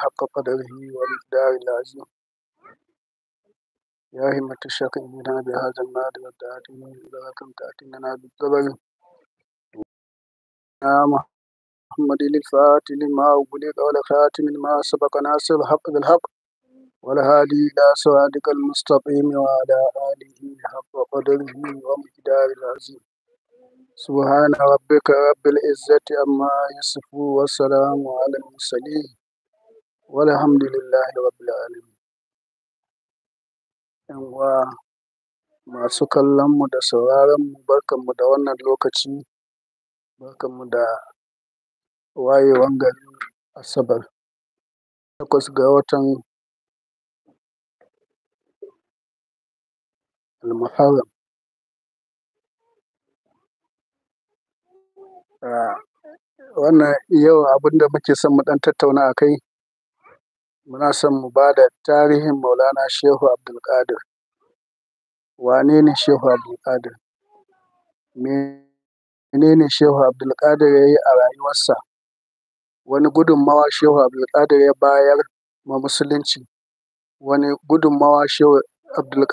حق قدره والمقدار العظيم يا همة الشيخ إننا بهذا المال والتأتينا بذلكم تأتيننا بالضبر يا محمد الفاتح لما أغلق والخاتم لما سبق ناصر الحق بالحق والهادي إلى صراطك المستقيم وعلى آله حق قدره ومقدار العظيم سبحان ربك رب العزة أما يصفون والسلام على المرسلين walhamdulillahi rabbil alamin uwa masu kallon mu da sauraron mu barkan mu da wannan lokaci mu da wayewan gari asabar takwas ga watan almuharram ah, wannan yau abinda muke son mu ɗan tattauna a kai muna son mu ba da tarihin maulana shehu abdulkadir wane ne shehu abdulkadir ne shehu abdulkadir ya yi a rayuwarsa wani gudunmawa shehu abdulkadir ya bayar ma musulunci wani gudunmawa shehu abdulkadir